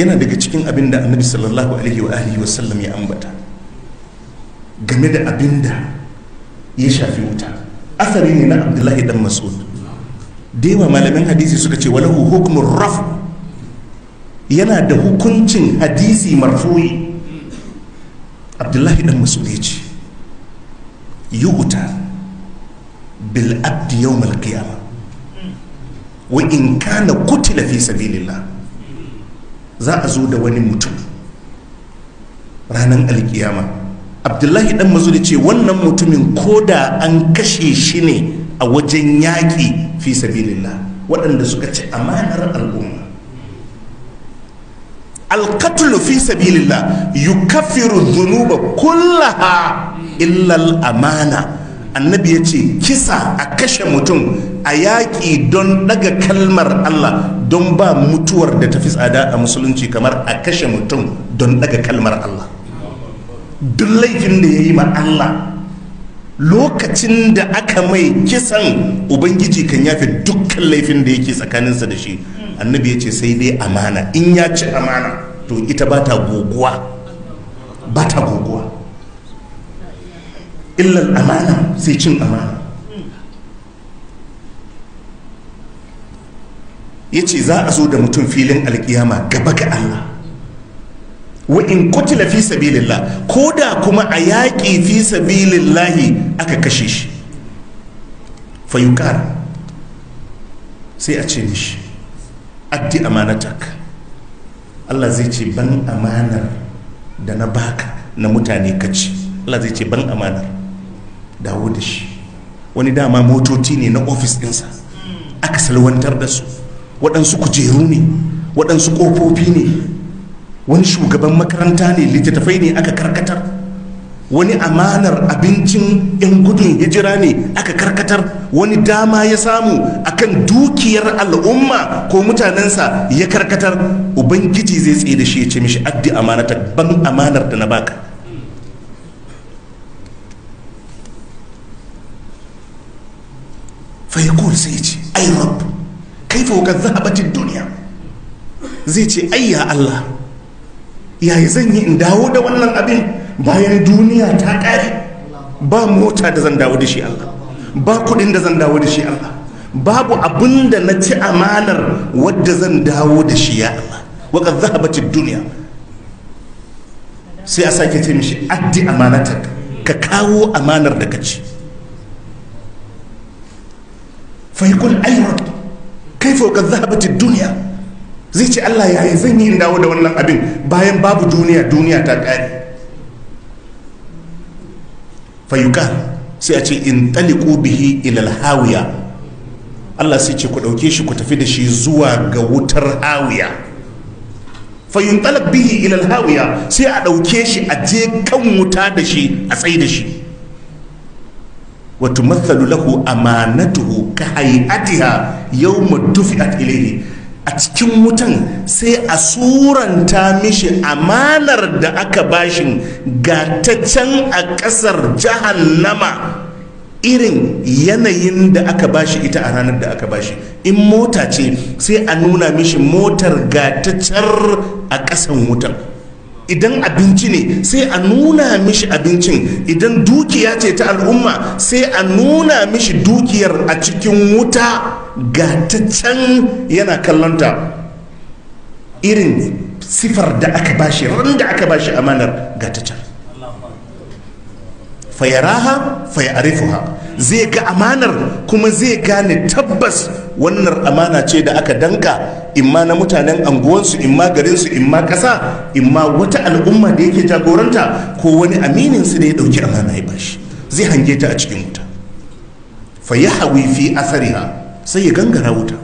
yana daga cikin abin da annabi sallallahu alaihi wa alihi wasallam ya ambata game da abin da ya shafi wuta asari ne na abdullahi dan mas'ud da yawa malamin hadisi suka ce walahu hukumin raf yana da hukuncin hadisi marfoyi. abdullahi dan mas'ud ya ce yi wuta bil abdi yawmal qiyamah wa in kana kutila fi sabilillah za a zo da wani mutum ranar alkiyama abdullahi dan da ce wannan mutumin ko da an kashe shi ne a wajen yaƙi fi sabilillah waɗanda suka ci amanar al'umma alkatulu fi sabilillah yukaffiru dhunuba kullaha illal amana annabi ya ce kisa a kashe mutum a yaƙi don ɗaga kalmar allah don ba mutuwar da tafi tsada a musulunci kamar a kashe mutum don ɗaga kalmar allah duk laifin da ya yi ma allah lokacin da aka mai kisan ubangiji kan yafi dukkan laifin da yake tsakaninsa da shi annabi ya ce sai dai amana in ya ci amana to ita ba ta goguwa ba ta goguwa illal amana sai cin amana ya ce za a zo da mutum filin alkiyama gaba ga Allah wa'in in kutila fi sabilillah ko da kuma a yaƙi fi sabilillahi aka kashe shi fayuƙar sai a ce mishi addi amanatak Allah zai ce ban amanar da na baka na mutane kaci Allah zai ce ban amanar dawo da shi wani dama motoci ne na ofis ɗinsa aka salwantar da su waɗansu kujeru ne waɗansu ƙofofi ne wani shugaban makaranta ne littattafai ne aka karkatar wani amanar abincin 'yan gudun hijira ne aka karkatar wani dama ya samu a kan dukiyar al'umma ko mutanensa ya karkatar ubangiji zai tsaye da shi ya ce mishi addi amanatar ban amanar da na baka fa yaqul sai ce ai rab kaifa wa kad zahabatin duniya dunya zai ce ai ya Allah yayi zan yi in dawo da wannan abin bayan duniya ta kare ba mota da zan dawo da shi Allah ba kudin da zan dawo da shi Allah babu abin da na ci amanar wadda zan dawo da shi ya Allah waqad zahabatin duniya dunya sai a sake ce mishi addi amanatar ka kawo amanar da ka ci fa yaqul kai kaifa qad duniya zai ce Allah yayi zan yi dawo da wannan abin bayan babu duniya duniya ta kare fa sai a ce in taliqu bihi ila hawiya Allah sai ce ku dauke shi ku tafi da shi zuwa ga wutar hawiya fa yuntalaq bihi ila hawiya sai a dauke shi a je kan wuta da shi a tsaye da shi wa tumathalu lahu amanatuhu ka hay'atiha yawma tufi'at ilayhi a cikin wutan sai a suranta mishi amanar da aka bashi ga ta can a ƙasar Nama. irin yanayin da aka bashi ita a ranar da aka bashi in mota ce sai a nuna mishi motar gatacar a ƙasan wutan idan abinci ne sai a nuna mishi abincin idan dukiya ce ta al'umma sai a nuna mishi dukiyar a cikin wuta ga ta can yana kallonta irin sifar da aka bashi ran da aka bashi amanar ga ta can fayaraha fayarifuha zai ga amanar kuma zai gane tabbas wannan amana ce da aka danka imma na mutanen anguwansu imma garinsu imma ƙasa imma wata al'umma da yake jagoranta ko wani amininsu da ya dauki amana ya bashi zai hange ta a cikin wuta fa ya hawi fi asariha sai ya gangara wuta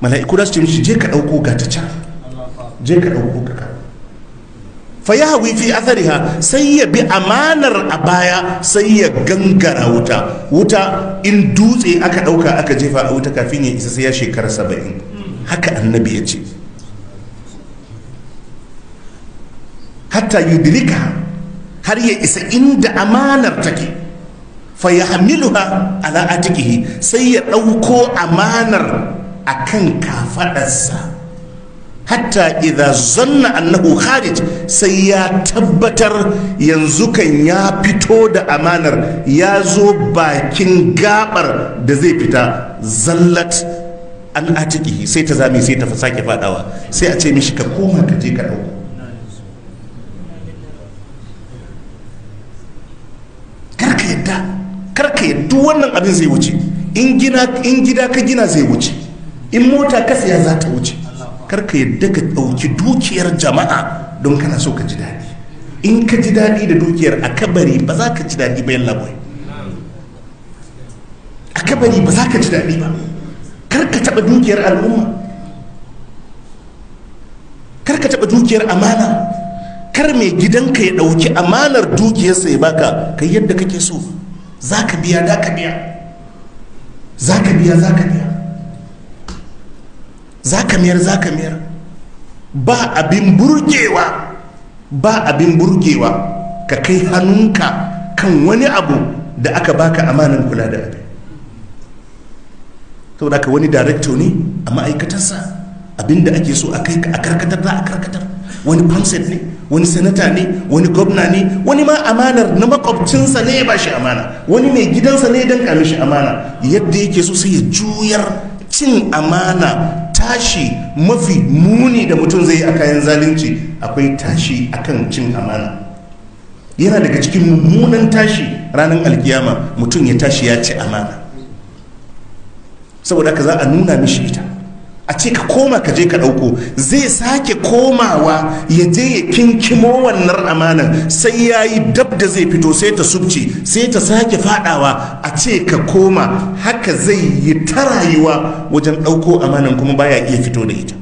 mala'iku da su ce je ka ɗauko ga can je ka ɗauko ka fayahawi fi athariha sai ya bi amanar a baya sai ya gangara wuta wuta in dutse aka dauka aka jefa a wuta kafin ya isa sai ya shekara saba'in haka annabi ya ce hatta yudrika har ya isa inda amanar take fa ala atikihi sai ya dauko amanar a kan kafadarsa hatta idan zanna annahu kharij sai ya tabbatar yanzu kan ya fito da amanar ya zo bakin gabar da zai fita zallat an atiki sai ta zame sai ta sake fadawa sai a ce mishi ka koma ka je ka dauko karka yadda karka yadda wannan abin zai wuce in gida ka gina zai wuce in mota ka ya za ta wuce karka yadda ka ɗauki dukiyar jama'a don kana so ka ji daɗi in ka ji daɗi da dukiyar a kabari ba za ka ji daɗi ba yalla boy a kabari ba za ka ji daɗi ba karka taɓa dukiyar al'umma karka taɓa dukiyar amana kar mai gidanka ya ɗauki amanar dukiyarsa ya baka kai yadda kake so za ka biya za ka biya za ka biya za ka biya za ka mayar za ka mayar ba abin burgewa ba abin burgewa ka kai hannunka kan wani abu da aka baka amanan kula da abin saboda ka wani darekto ne a ma'aikatarsa abinda ake so a kai karkatar za a karkatar wani pamset ne wani sanata ne wani gwamna ne wani ma amanar na makwabcinsa ne ya ba shi amana wani mai gidansa ne ya danka shi amana yadda yake so sai ya juyar cin amana tashi mafi muni da mutum zai yi a kayan zalunci akwai tashi akan cin amana yana daga cikin mummunan tashi ranar alkiyama mutum ya tashi ya ci amana saboda haka za a nuna mishi ita a ce ka koma ka je ka ɗauko zai sake komawa ya je ya kinkimo wannan amanan sai ya yi dab da zai fito sai ta subci sai ta sake fadawa a ce ka koma haka zai yi ta rayuwa wajen ɗauko amanan kuma baya iya fito da ita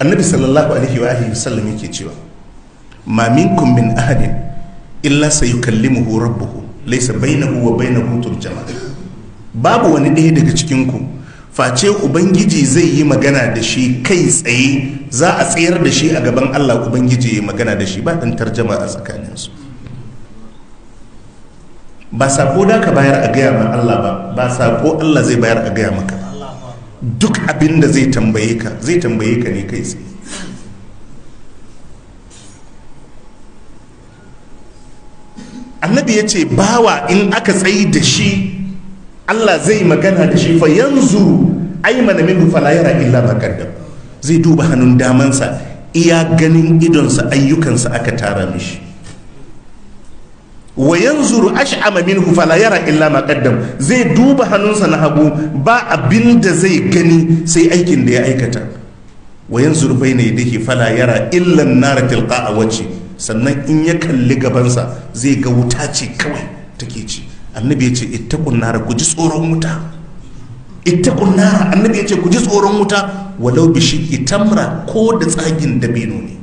annabi sallallahu alaihi wa alihi yake cewa ma minkum min ahadin illa sayukallimuhu rabbuhu laisa bainahu wa bainahu turjama babu wani ɗaya daga cikin ku face ubangiji zai yi magana da shi kai tsaye za a tsayar da shi a gaban Allah ubangiji ya magana da shi ba dan tarjama a tsakaninsu ba sako da ka bayar a gaya ma Allah ba ba sako Allah zai bayar a gaya maka duk abin da zai tambaye ka zai tambaye ka ne kai tsaye annabi ya ce bawa in aka tsayi da shi allah zai magana da shi fa yanzu aimana min fala yara illa ma zai duba hannun damansa iya ganin idonsa ayyukansa aka tara mishi wa yanzuru ash'ama min hufala yara illa ma qaddam zai duba hannunsa na hagu ba abinda zai gani sai aikin da ya aikata wa yi bayna yadayhi fala yara illa an-nar tilqa'a wajhi sannan in ya kalli gabansa zai ga wuta ce kawai take ci annabi ya ce ita kunnara ku ji tsoron wuta ita kunnara annabi ya ce ku ji tsoron wuta walau bishi shiqi tamra ko da tsagin dabino ne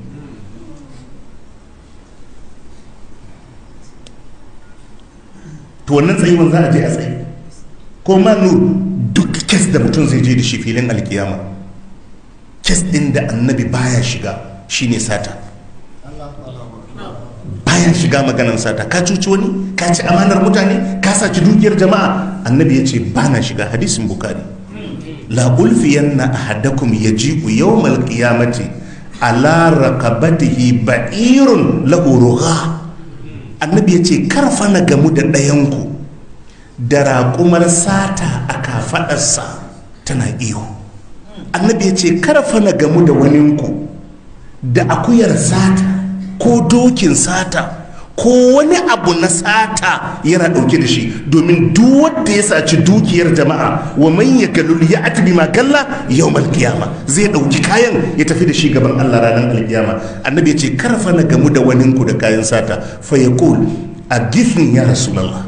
to wannan tsayuwan za a je a tsaye ko ma nur duk kes da mutum zai je da shi filin alkiyama kes din da annabi baya shiga shine sata bayan shiga maganan sata ka cuci wani ka ci amanar mutane ka saci dukiyar jama'a annabi ya ce ba na shiga hadisin bukari la ulfiyanna ahadakum yaji'u yawmal qiyamati ala rakabatihi ba'irun lahu rugha annabi ya ce karfa na gamu da ɗayanku da raƙumar sata a kafaɗarsa tana iyo. annabi ya ce karfa na gamu da waninku da akuyar sata ko dokin sata ko wani abu na sata yana ɗauke da shi domin duk wanda ya saci dukiyar jama'a wa man ya galul ya ati ma galla yawmal qiyama zai ɗauki kayan ya tafi da shi gaban Allah ranar alkiyama annabi ya ce karfa na gamu da waninku da kayan sata fa yaqul gifin ya rasulullah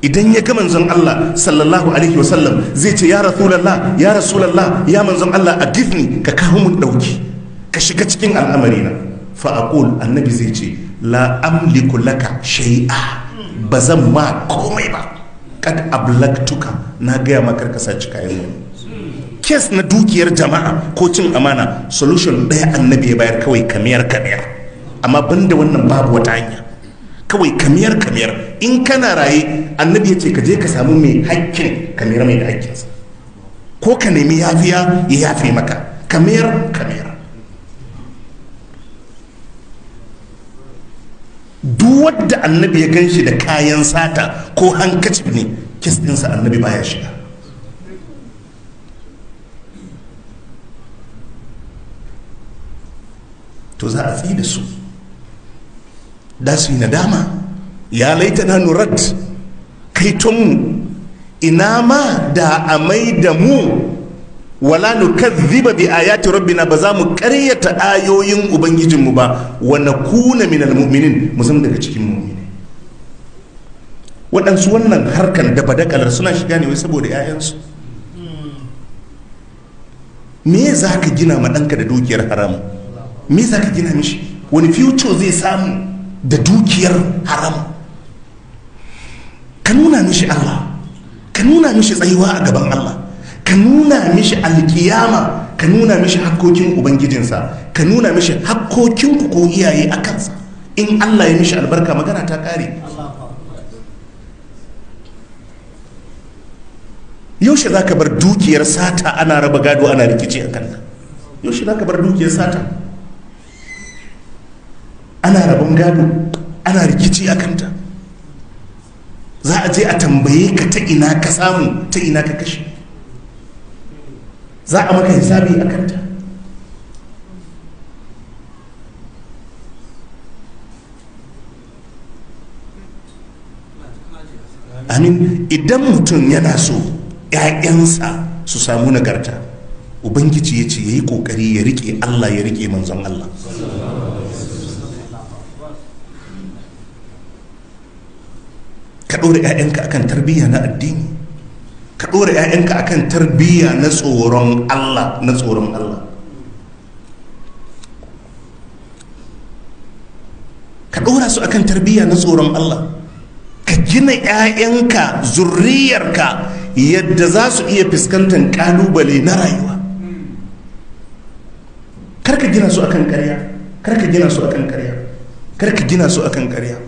idan ya ga manzon Allah sallallahu alaihi wa sallam, zai ce ya rasulullah ya rasulullah ya manzon Allah aghithni ka kawo mu dauki ka shiga cikin al'amarina fa'akul annabi zai ce la amliku laka shai'a ba zan ma komai ba kad ablaktuka na gaya maka karkasa cika kayan wani kes na dukiyar jama'a ko cin amana solution ɗaya annabi ya bayar kawai kamiyar kamiyar amma banda wannan babu wata hanya kawai kamiyar kamiyar in kana raye annabi ya ce ka je ka samu mai hakkin kamiyar mai da hakkinsa ko ka nemi yafiya ya yafe maka kamiyar kamiyar duk wadda annabi ya gan shi da kayan sata ko hankaci ne kis ɗinsa annabi baya shiga to za a tsi da su da su yi nadama ya laita na nurat kaitonmu ina ma da a mai da mu wala nukazziba bi ayati rabbina ba za mu karyata ayoyin ubangijinmu ba wa nakuna al mu'minin musamman daga cikin mu'mini waɗansu wannan harkan da badakalar suna shiga ne wai saboda 'ya'yansu me za ka gina ma ɗanka da dukiyar haramu me za ka gina mishi wani future zai samu da dukiyar haramu ka nuna mishi Allah ka nuna mishi tsayuwa a gaban Allah ka nuna mishi alkiyama ka nuna mishi hakkokin ubangijinsa ka nuna mishi ku ko iyaye a kansa in allah ya mishi albarka magana ta kare yaushe za ka bar dukiyar sata ana raba gado ana rikici a kanta yaushe za ka bar dukiyar sata ana rabon gado ana rikici a kanta za a je a tambaye ka ta ina ka samu ta ina ka kashe za a maka hisabi a kanta amin idan mutum yana so 'ya'yansa su samu nagarta ubangiji ya ce ya yi kokari ya rike allah ya rike manzon allah ka ɗora 'ya'yanka akan tarbiyya na addini ka ɗora 'ya'yanka akan tarbiyya na tsoron allah na tsoron allah ka ɗora su akan tarbiyya na tsoron allah ka gina 'ya'yanka zurriyarka yadda za su iya fuskantar ƙalubale na rayuwa karka gina su kan karya karka gina su kan karya karka gina su akan karya